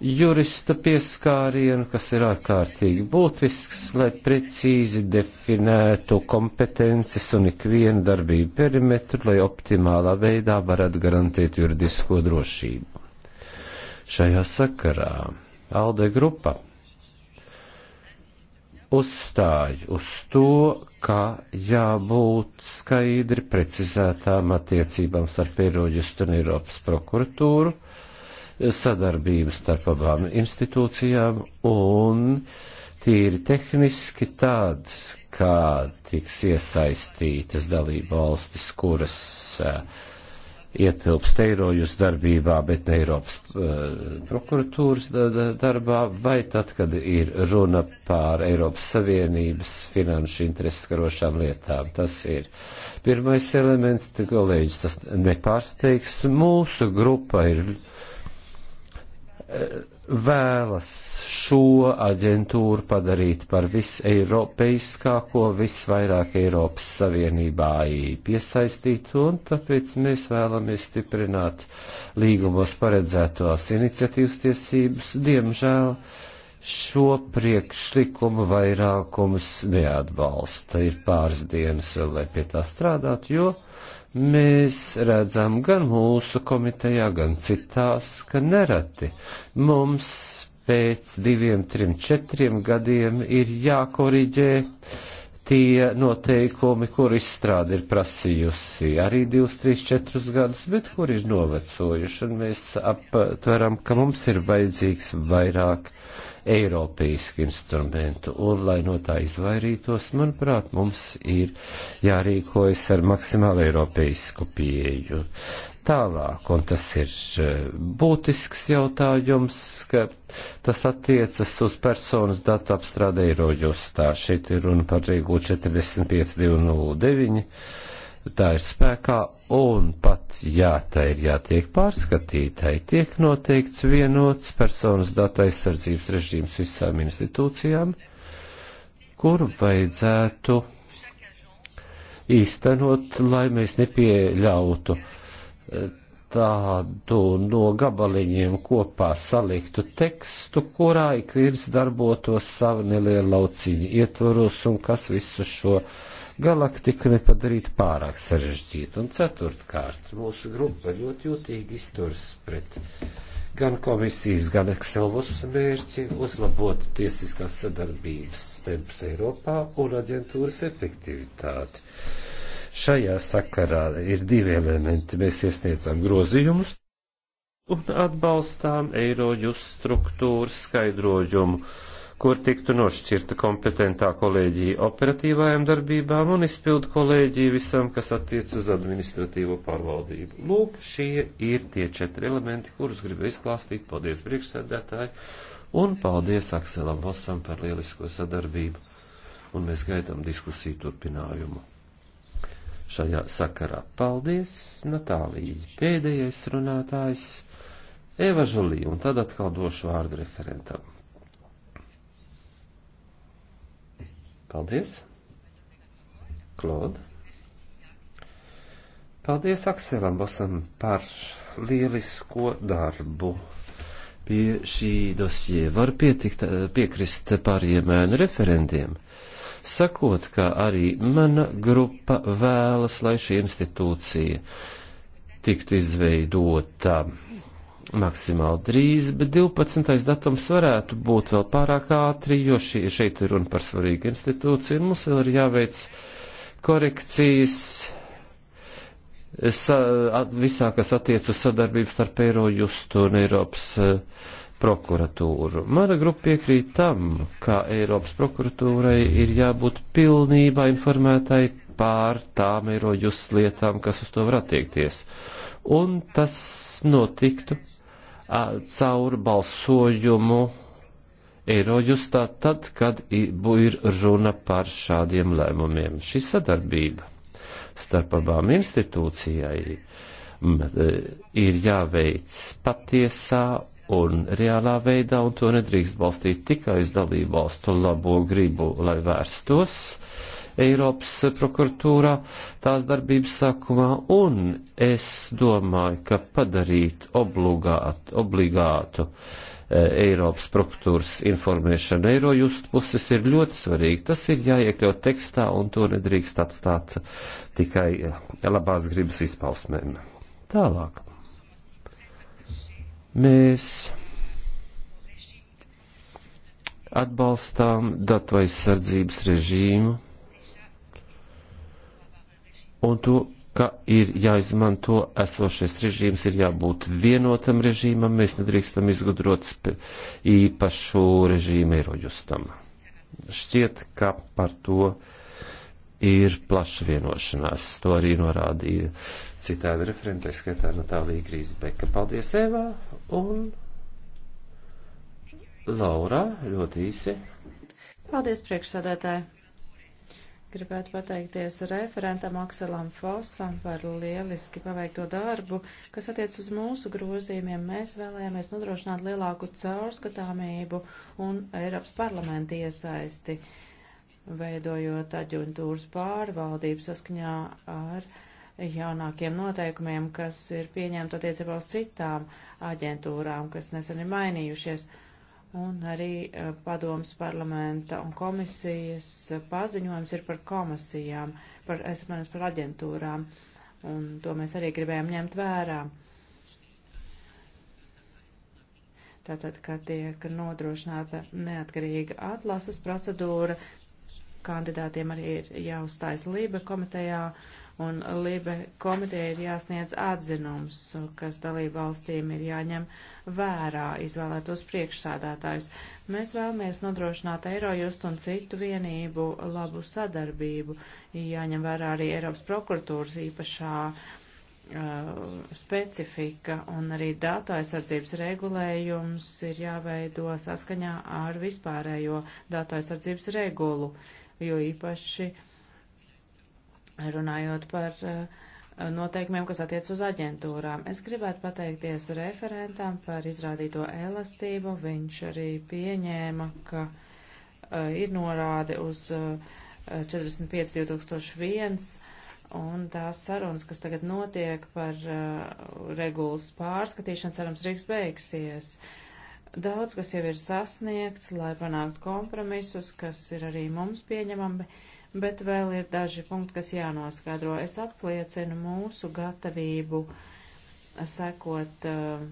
jurista pieskārienu, kas ir ārkārtīgi būtisks, lai precīzi definētu kompetences un ikvienu darbību perimetru, lai optimālā veidā varētu garantēt juridisko drošību. Šajā sakarā Alde grupa uzstāj uz to, ka jābūt skaidri precizētām attiecībām starp Eiroģistu un Eiropas prokuratūru, uh, sadarbību starp abām institūcijām un tīri tehniski tāds, kā tiks iesaistītas dalība valstis, kuras eh, ietilpst eirojus darbībā, bet ne Eiropas eh, prokuratūras darbā, vai tad, kad ir runa pār Eiropas Savienības finanšu intereses karošām lietām. Tas ir pirmais elements, kolēģis, tas nepārsteigs. Mūsu grupa ir vēlas šo aģentūru padarīt par viseiropeiskāko, visvairāk Eiropas Savienībā piesaistītu, un tāpēc mēs vēlamies stiprināt līgumos paredzētos iniciatīvas tiesības. Diemžēl šo priekšlikumu vairākums neatbalsta. Ir pāris dienas vēl, lai pie tā strādātu, jo mēs redzam gan mūsu komitejā, gan citās, ka nereti mums pēc diviem, trim, četriem gadiem ir jākoriģē tie noteikumi, kur izstrāde ir prasījusi arī 2, 3, 4 gadus, bet kur ir novecojuši, un mēs aptveram, ka mums ir vajadzīgs vairāk eiropeisku instrumentu, un lai no tā izvairītos, manuprāt, mums ir jārīkojas ar maksimāli eiropeisku pieeju. Tālāk, un tas ir eh, būtisks jautājums, ka tas attiecas uz personas datu apstrādē Eirojustā. Šeit ir runa par Rīgu 45209 tā ir spēkā, un pat, ja tā ir jātiek pārskatītai, tiek noteikts vienots personas data aizsardzības režīms visām institūcijām, kuru vajadzētu īstenot, lai mēs nepieļautu eh, tādu no gabaliņiem kopā saliktu tekstu, kurā ik viens darbotos savu nelielu lauciņu ietvaros un kas visu šo uh, galaktiku nepadarīt pārāk sarežģītu. Un ceturtkārt, mūsu grupa ļoti jūtīgi izturs pret gan komisijas, gan Excelos mērķi uzlabot tiesiskās sadarbības stempus Eiropā un aģentūras efektivitāti. Šajā sakarā ir divi elementi. Mēs iesniedzam grozījumus un atbalstām Eirojus struktūras skaidrojumu kur tiktu nošķirta kompetentā kolēģija operatīvajām darbībām un izpildu kolēģija visam, kas attiec uz administratīvo pārvaldību. Lūk, šie ir tie četri elementi, kurus gribu izklāstīt. Paldies priekšsēdētāji un paldies Akselam Vosam par lielisko sadarbību. Un mēs gaidām diskusiju turpinājumu. Šajā sakarā paldies Natālija. Pēdējais runātājs Eva Žulī, un tad atkal došu vārdu referentam. Paldies, Klod. Paldies Akselam Bosam par lielisko darbu. Pie šī dosie var pietikt, piekrist pāriem ēnu referendiem, sakot, ka arī mana grupa vēlas, lai šī institūcija tiktu izveidota maksimāli drīz, bet 12. datums varētu būt vēl pārāk ātri, jo šī, šeit ir runa par svarīgu institūciju, un mums vēl ir jāveic korekcijas sa, at, visā, kas attiec uz sadarbību starp Eirojustu un Eiropas uh, prokuratūru. Mana grupa piekrīt tam, ka Eiropas prokuratūrai ir jābūt pilnībā informētai pār tām Eirojust lietām, kas uz to var attiekties. Un tas notiktu caur balsojumu Eirojustā tad, kad ir runa par šādiem lēmumiem. Šī sadarbība starp abām institūcijai e, ir jāveic patiesā un reālā veidā, un to nedrīkst balstīt tikai uz dalību valstu labo gribu, lai vērstos uh, Eiropas prokuratūrā tās darbības sākumā, un es domāju, ka padarīt obligātu, obligātu e, Eiropas prokuratūras informēšanu Eirojust puses ir ļoti svarīgi. Tas ir jāiekļaut tekstā, un to nedrīkst atstāt tikai e, labās gribas izpausmēm. Tālāk. Mēs atbalstām datu aizsardzības režīmu un to, ka ir jāizmanto esošais režīms, ir jābūt vienotam režīmam, mēs nedrīkstam izgudrot īpašu režīmu Eirojustam. Šķiet, ka par to ir plaša vienošanās. To arī norādīja citādi referentē, skaitā Natālija Grīsbeka. Paldies, Evā, un Laura, ļoti īsi. Paldies, priekšsādētāji. Gribētu pateikties referentam Akselam Fosam par lieliski paveikto darbu, kas attiec uz mūsu grozījumiem. Mēs vēlējāmies nodrošināt lielāku caurskatāmību un Eiropas parlamenta iesaisti, veidojot aģentūras pārvaldību saskaņā ar jaunākiem noteikumiem, kas ir pieņemti attiecībā uz citām aģentūrām, kas nesen ir mainījušies. Uh, un arī eh, padomas parlamenta un komisijas paziņojums ir par komisijām, par, es atmanos par aģentūrām, un to mēs arī gribējām ņemt vērā. Tātad, ka tiek nodrošināta neatkarīga atlases procedūra, kandidātiem arī ir jāuzstājas Lība komitejā, uh, un Libe komiteja ir jāsniedz atzinums, kas dalību valstīm ir jāņem vērā, izvēlētos priekšsādātājus. Mēs vēlamies nodrošināt Eirojust un citu vienību labu sadarbību, jāņem vērā arī Eiropas prokuratūras īpašā uh, specifika un arī datu aizsardzības regulējums ir jāveido saskaņā ar vispārējo datu aizsardzības regulu, jo īpaši uh, runājot par eh, noteikumiem, kas attiec uz aģentūrām. Es gribētu pateikties referentam par izrādīto elastību. Viņš arī pieņēma, ka eh, ir norāde uz 45.2001 eh, un tās sarunas, kas tagad notiek par regulas pārskatīšanu, cerams, Rīgas beigsies. Daudz, kas jau ir sasniegts, lai panāktu kompromisus, kas ir arī mums pieņemami. Uh, bet vēl ir daži punkti, kas jānoskaidro. Es apliecinu mūsu gatavību sekot uh,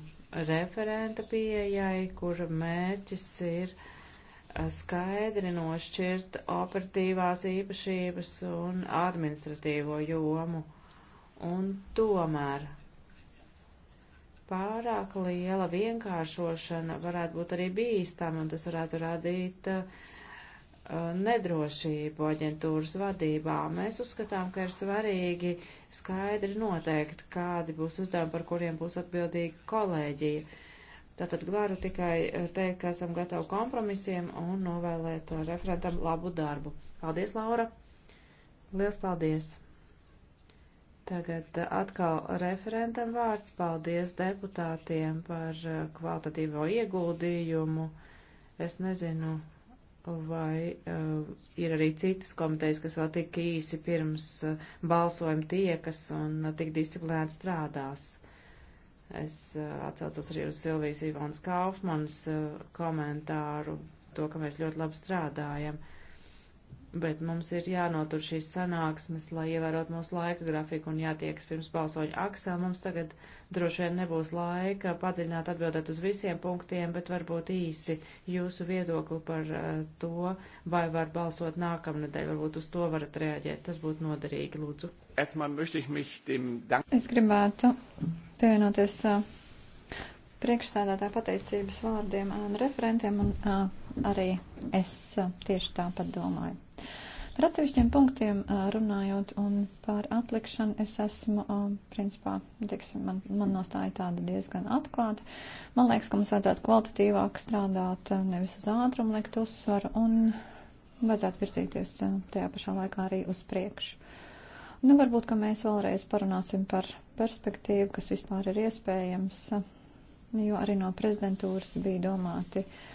referenta pieejai, kura mērķis ir uh, skaidri nošķirt operatīvās īpašības un administratīvo jomu. Un tomēr pārāk liela vienkāršošana varētu būt arī bīstama, un tas varētu radīt uh, Uh, nedrošību aģentūras vadībā. Mēs uzskatām, ka ir svarīgi skaidri noteikt, kādi būs uzdevumi, par kuriem būs atbildīga kolēģija. Tātad varu tikai uh, teikt, ka esam gatavi kompromisiem un novēlēt uh, referentam labu darbu. Paldies, Laura! Liels paldies! Tagad atkal referentam vārds. Paldies deputātiem par kvalitatīvo ieguldījumu. Es nezinu, vai uh, ir arī citas komitejas, kas vēl tik īsi pirms uh, balsojuma tiekas un uh, tik disciplinēti strādās. Es uh, atcaucos arī uz Silvijas Ivonas Kaufmanas uh, komentāru, to, ka mēs ļoti labi strādājam. Uh, bet mums ir jānotur šīs sanāksmes, lai ievērot mūsu laika grafiku un jātiekas pirms balsoņa aksā. Mums tagad droši vien nebūs laika padziļināt atbildēt uz visiem punktiem, bet varbūt īsi jūsu viedokli par eh, to, vai var balsot nākamnedēļ, varbūt uz to varat reaģēt. Tas būtu noderīgi, lūdzu. Es gribētu pievienoties eh, priekšsēdētāja pateicības vārdiem un eh, referentiem, un arī es tieši tāpat domāju. Par atsevišķiem punktiem runājot un par atlikšanu, es esmu, principā, teiksim, man, man nostāja tāda diezgan atklāta. Man liekas, ka mums vajadzētu kvalitatīvāk strādāt, nevis uz ātrumu liekt uzsvaru, un vajadzētu virzīties tajā pašā laikā arī uz priekšu. Nu, varbūt, ka mēs vēlreiz parunāsim par perspektīvu, kas vispār ir iespējams, jo arī no prezidentūras bija domāti uh,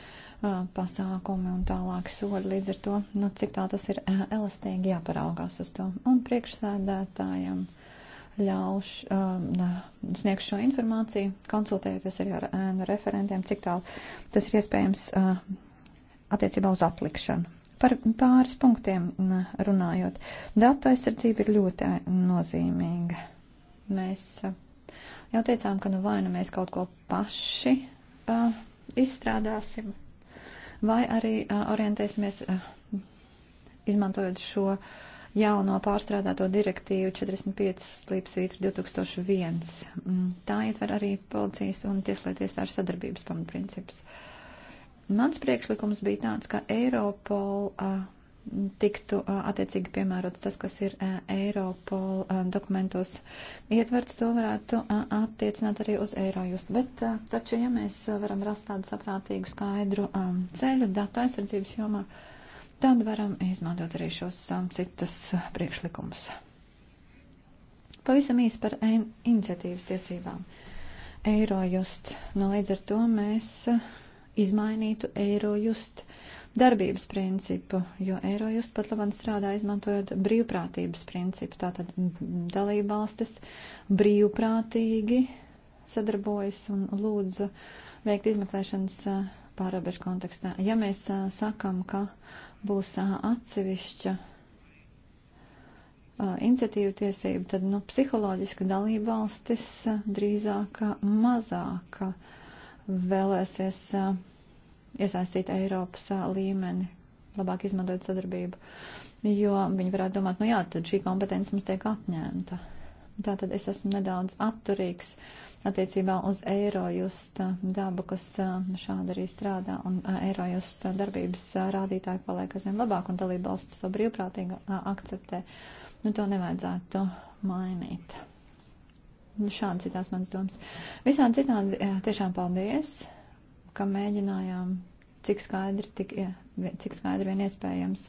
pasākumi un tālāk soļi. Līdz ar to, nu, cik tā tas ir elastīgi jāparaugās uz to. Un priekšsēdētājiem ļauš, um, sniegšu šo informāciju, konsultējoties arī ar ēnu referentiem, cik tālu tas ir iespējams uh, attiecībā uz atlikšanu. Par pāris punktiem runājot, datu aizsardzība ir ļoti nozīmīga. Mēs uh, jau teicām, ka nu vai nu mēs kaut ko paši uh, izstrādāsim, vai arī orientēsimies izmantojot šo jauno pārstrādāto direktīvu 45 līdz 2001. Tā ietver arī policijas un tieslieties ar sadarbības pamatprincipus. Mans priekšlikums bija tāds, ka Eiropola tiktu attiecīgi piemērots tas, kas ir Eiropol dokumentos ietverts, to varētu attiecināt arī uz Eirojust. Bet taču, ja mēs varam rast tādu saprātīgu skaidru ceļu datu aizsardzības jomā, tad varam izmantot arī šos citus priekšlikumus. Pavisam īsi par iniciatīvas tiesībām. Eirojust. Nu, no līdz ar to mēs izmainītu Eirojust darbības principu, jo eiro just pat labam strādā izmantojot brīvprātības principu. Tātad dalība valstis brīvprātīgi sadarbojas un lūdza veikt izmeklēšanas pārobežu kontekstā. Ja mēs sakam, ka būs atsevišķa iniciatīvu tiesību, tad nu, psiholoģiski dalība valstis drīzāk mazāk vēlēsies iesaistīt Eiropas līmeni, labāk izmantot sadarbību, jo viņi varētu domāt, nu jā, tad šī kompetence mums tiek atņemta. Tātad es esmu nedaudz atturīgs attiecībā uz eirojusta dabu, kas šādi arī strādā, un eirojusta darbības rādītāji paliek aizvien labāk, un dalība valsts to brīvprātīgi akceptē. Nu, to nevajadzētu mainīt. Nu, šādas ir tās manas domas. Visādi citādi tiešām paldies ka mēģinājām cik skaidri, tik, cik skaidri vien iespējams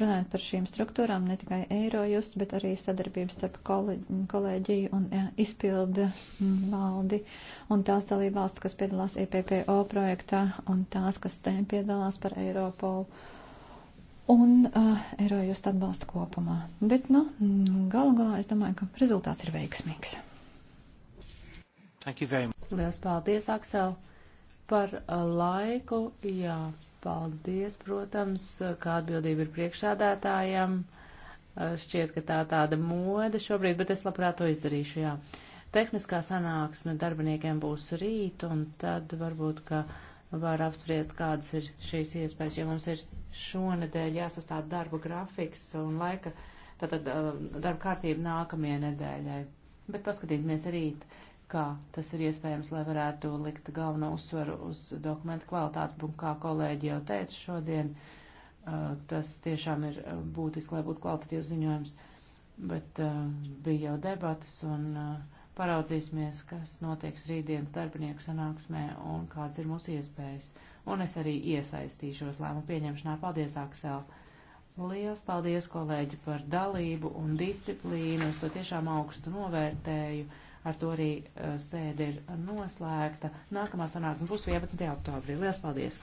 runāt par šīm struktūrām, ne tikai Eirojust, bet arī sadarbības starp kolēģiju un jā, e, izpildu valdi un tās dalībvalsts, kas piedalās EPPO projektā un tās, kas te piedalās par Eiropolu un uh, Eirojust atbalstu kopumā. Bet, nu, galu galā es domāju, ka rezultāts ir veiksmīgs. Lielas paldies, Aksel! Par uh, laiku, jā, paldies, protams, kā atbildība ir priekšādātājiem. Uh, šķiet, ka tā tāda moda šobrīd, bet es labprāt to izdarīšu, jā. Tehniskā sanāksme darbiniekiem būs rīt, un tad varbūt, ka var apspriest, kādas ir šīs iespējas, jo mums ir šonedēļ jāsastāv darba grafiks un laika, tātad uh, darba kārtība nākamajai nedēļai. Bet paskatīsimies rīt kā tas ir iespējams, lai varētu likt galveno uzsvaru uz dokumentu kvalitāti, un kā kolēģi jau teica šodien, uh, tas tiešām ir uh, būtiski, lai būtu kvalitatīvs ziņojums, bet uh, bija jau debatas un paraudzīsimies, kas notieks rītdienas darbinieku sanāksmē un kāds ir mūsu iespējas. Un es arī iesaistīšos lēmumu pieņemšanā. Paldies, Aksel! Liels paldies, kolēģi, par dalību un disciplīnu. Es to tiešām augstu novērtēju. Ar to arī eh, sēde ir noslēgta. Nākamā sanāksme būs 11. oktobrī. Lielas paldies!